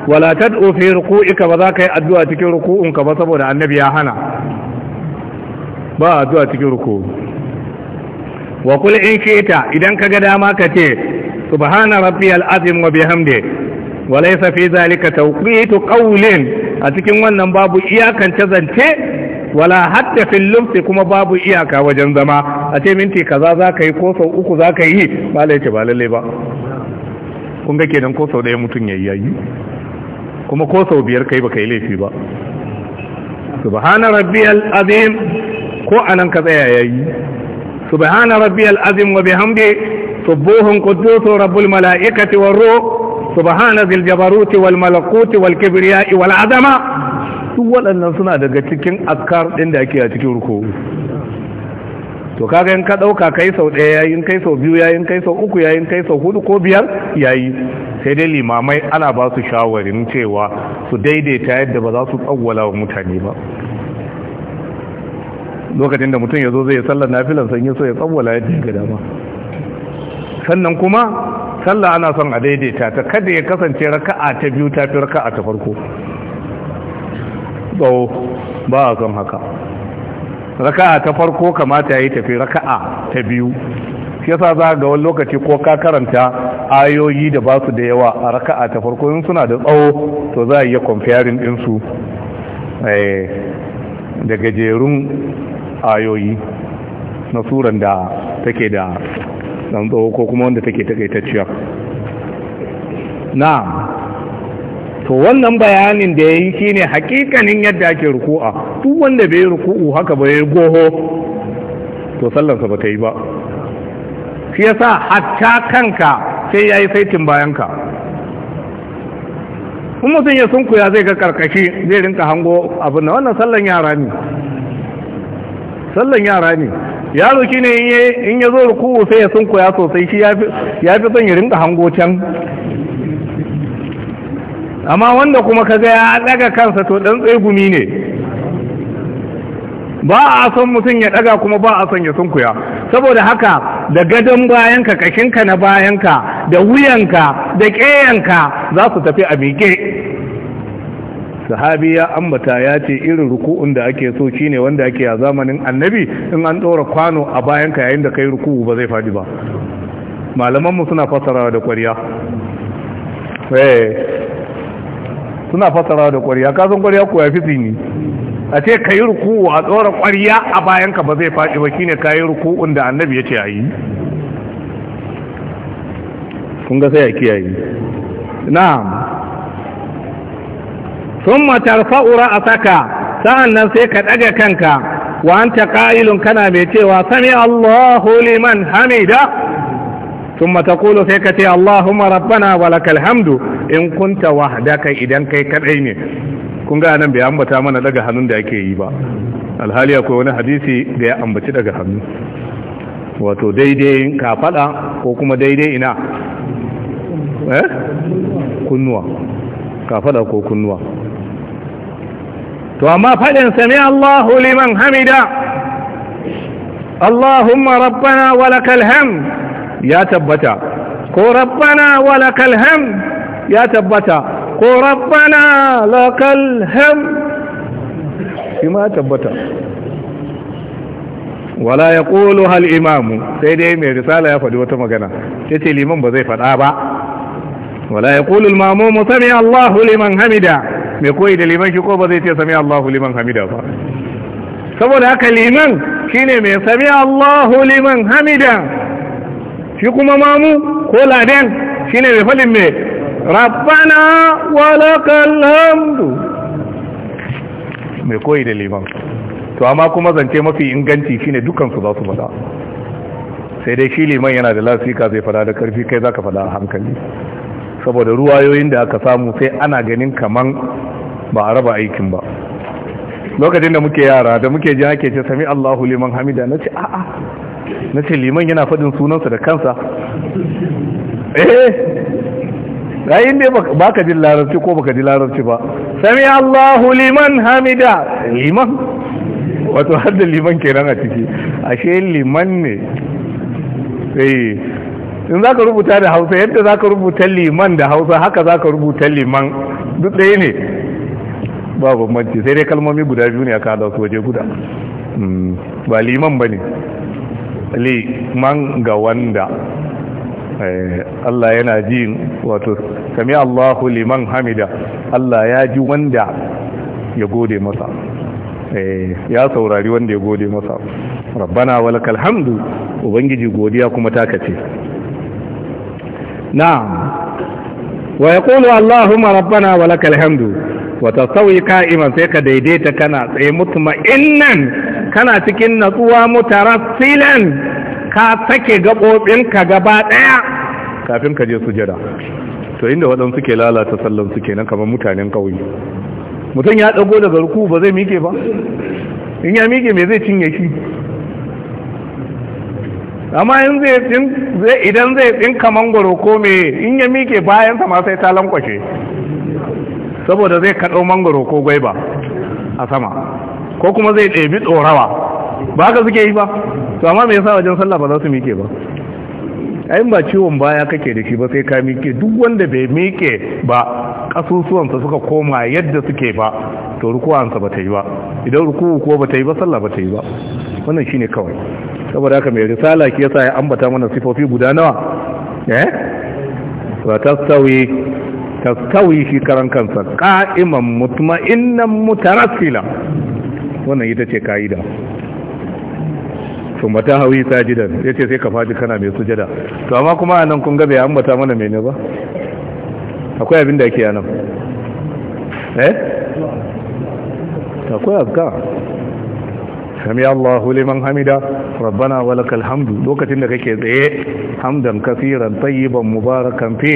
Speaker 1: wala tad'u fi ruku'ika ba za ka yi addu'a cikin ruku'unka ba saboda annabi ya hana ba addu'a cikin ruku. wa kul in shi'ta idan ga dama ka ce subhana rabbiyal azim wa bihamdihi zali fi zalika tawqitu qawlin a cikin wannan babu ta zance wala hatta fil kuma babu iyaka wajen zama a ce minti kaza zaka yi ko sau uku zaka yi ba lalle ba lalle ba kun ga kenan ko sau daya mutun yayi yayi kuma ko sau biyar kai baka yi laifi ba subhana rabbiyal azim ko anan ka tsaya yayi subhana rabbiyal azim wa bihamdi subuhun quddus rabbul malaikati war ruh سبحان ذي الجبروت والملكوت والكبرياء والعظمة kibriya wal azama duk waɗannan suna daga cikin askar ɗin da ake a cikin ruku to kaga in ka ɗauka kai sau ɗaya yayin kai sau biyu yayin kai sau uku yayin kai sau hudu ko biyar yayi sai dai limamai ana ba su shawarin cewa su daidaita yadda ba za su tsawwala wa mutane ba lokacin da mutum ya zo zai sallar nafilan san ya so ya tsawwala yadda ya ga dama sannan kuma sallah ana son a daidaita ta kada ya kasance raka'a ta biyu ta fi raka'a ta farko tsawo ba a son haka raka'a ta farko kamata ya yi tafi raka'a ta biyu shi yasa za ga wani lokaci ko ka karanta ayoyi da ba su da yawa a raka'a ta farko in suna da tsawo to za a iya kwamfiyarin ɗinsu eh, da gajerun ayoyi na suran da take da dan tsawo ko kuma wanda take takaitacciya Na to wannan bayanin da yayi ne hakikanin yadda ake ruku'a duk wanda bai ruku'u haka bai goho to sallansa ba ta yi ba shi yasa hatta kanka sai yayi saitin bayanka in mutum ya sunkuya zai ga karkashi zai rinka hango abin na wannan sallan yara ne sallan yara ne yaro shi ne in ya zo rukuwa sai ya sunkuya sosai shi ya fi son ya rinka hango can amma wanda kuma ka ga ya daga kansa to dan tsegumi ne ba a son mutum ya daga kuma ba a son ya sunkuya saboda haka da gadon bayanka kashinka na bayanka da wuyanka da ƙeyanka za su tafi a miƙe sahabi ya ambata ya ce irin ruku'un da ake so shi ne wanda ake a zamanin annabi in an ɗora kwano a bayan ka yayin da kai ruku'u ba zai faɗi ba Malamanmu suna fasarawa da ƙwariya eh suna fasarawa da ƙwariya ka san ƙwariya ko ya fi tsini a ce ka yi ruku'u a ɗora ƙwariya a bayan ka ba zai faɗi ba Shi ne ka yi ruku'un da annabi ya ce yi. kun ga sai a kiyaye na sun matar fa'ura a saka sa'an nan sai ka ɗaga kanka wa an ta ƙa'ilun kana mai cewa sami Allahu liman hamida sun mata kulu sai ka ce Allahumma rabbana walakal hamdu in kunta wahdaka idan kai kaɗai ne kun ga nan bai ambata mana daga hannun da ake yi ba alhali akwai wani hadisi da ya ambaci daga hannu wato daidai ka faɗa ko kuma daidai ina eh kunnuwa kafada ko kunnuwa to amma faɗin sami Allahu liman hamida Allahumma rabbana walakal ham ya tabbata ko rabbana walakal ham ya tabbata ko rabbana lakal ham shi ma tabbata wala ya ƙolo hal imamu sai dai mai risala ya faɗi wata magana ya ce liman ba zai faɗa ba wala ya ƙolo mamu musami Allahu liman hamida mai koyi da liman shi ko ba zai ce sami Allahu liman hamida ba saboda haka liman shine mai sami Allahu liman hamida shi kuma mamu ko shi shine mai falin mai rabbana walakal hamdu mai koyi da liman to amma kuma zance mafi inganci shine dukansu za su bada sai dai shi liman yana da lasika zai fada da karfi kai za ka fada a hankali saboda ruwayoyin da aka samu sai ana ganin kaman ba a raba aikin ba lokacin da muke yara da muke ji ake ce sami Allahu liman hamida na ce a'a na ce liman yana faɗin sunansa da kansa eh yayin da ba ka ji larabci ko ba ka ji larabci ba sami Allahu liman hamida liman wato har da liman kenan a ciki ashe liman ne eh in za ka rubuta da hausa yadda za ka rubuta liman da hausa haka za ka rubuta liman duk ɗaya ne ba bambanci sai dai kalmomi guda biyu ne a kada su waje guda hmm, ba liman ba ne liman ga wanda eh, Allah yana ji wato sami Allahu liman hamida Allah ya ji wanda ya gode masa eh, ya saurari wanda ya gode masa rabbana walakal hamdu ubangiji godiya kuma taka ce na'am wa yaqulu allahumma rabbana wa lakal hamdu Wata sauyi qa'iman sai ka daidaita kana tsaye mutma'innan kana cikin natsuwa mutarassilan ka take gabobinka gaba daya kafin ka je sujada to inda waɗansu ke lalata sallan su kenan kamar mutanen kauye mutum ya dago daga ruku ba zai mike ba in ya mike me zai cinye shi amma in zai tsin idan zai tsinka mangoro ko me in ya mike bayansa sama sai ta lankwashe saboda zai kaɗo mangoro ko gwaiba a sama ko kuma zai ɗebi tsorawa ba ka suke yi ba to amma me yasa wajen sallah ba za su mike ba ayin ba ciwon baya kake da shi ba sai ka mike duk wanda bai mike ba ƙasusuwansa suka koma yadda suke ba to rukuwansa ba ta yi ba idan rukuwa ko ba ta yi ba sallah ba ta yi ba wannan shine kawai saboda haka mai risala ke yasa ya ambata mana sifofi guda nawa eh wa tasawi tasawi shi karan kansa qa'iman mutma'innan mutarassila wannan ita ce kaida sun mata hawi sajidan yace sai ka faɗi kana mai sujada to amma kuma anan kun ga bai ambata mana menene ba akwai abin da yake anan eh akwai azkar sami Allahu liman hamida rabbana walakal hamdu lokacin da kake tsaye hamdan kaseeran tayyiban mubarakan fi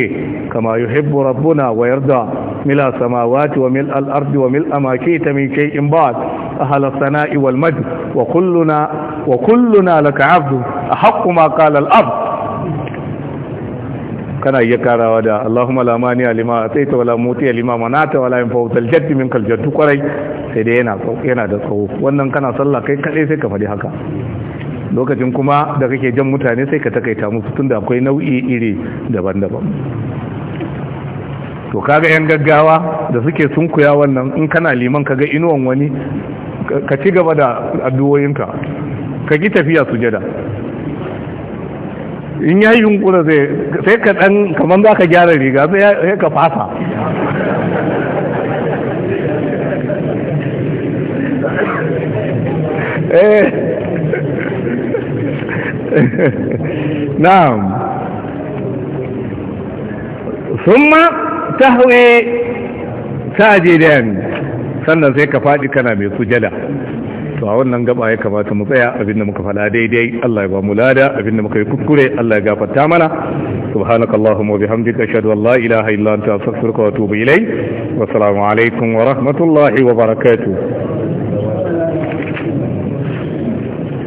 Speaker 1: kama yuhibbu rabbuna wa yarda mila samawati wa mil al ardi wa mil amakita min shay'in ba'd ahla as-sana'i wal majd wa kulluna wa kulluna laka 'abdu ahqqu ma qala al kana iya karawa da Allahumma la mani'a lima ataita wala mutiya lima manata wala yanfa'u min kal jaddu kwarai sai dai yana yana da tsawo wannan kana sallah kai kaɗai sai ka faɗi haka lokacin kuma da kake jan mutane sai ka takaita musu tunda akwai nau'i iri daban-daban to kaga yan gaggawa da suke sunkuya wannan in kana liman kaga inuwan wani ka ci gaba da addu'o'inka ka ki tafiya sujada in ya yi yunkura sai ka dan kamar za ka gyara riga sai ka fasa eh. na'am
Speaker 2: summa ta
Speaker 1: sannan sai ka faɗi kana mai sujada to a wannan gaba ya kamata mu tsaya abinda muka fada daidai Allah ya ba mu lada abinda muka yi kuskure Allah ya gafarta mana subhanakallahumma wa bihamdika ashhadu an la ilaha illa anta astaghfiruka wa atubu ilayk wa assalamu alaikum wa rahmatullahi wa barakatuh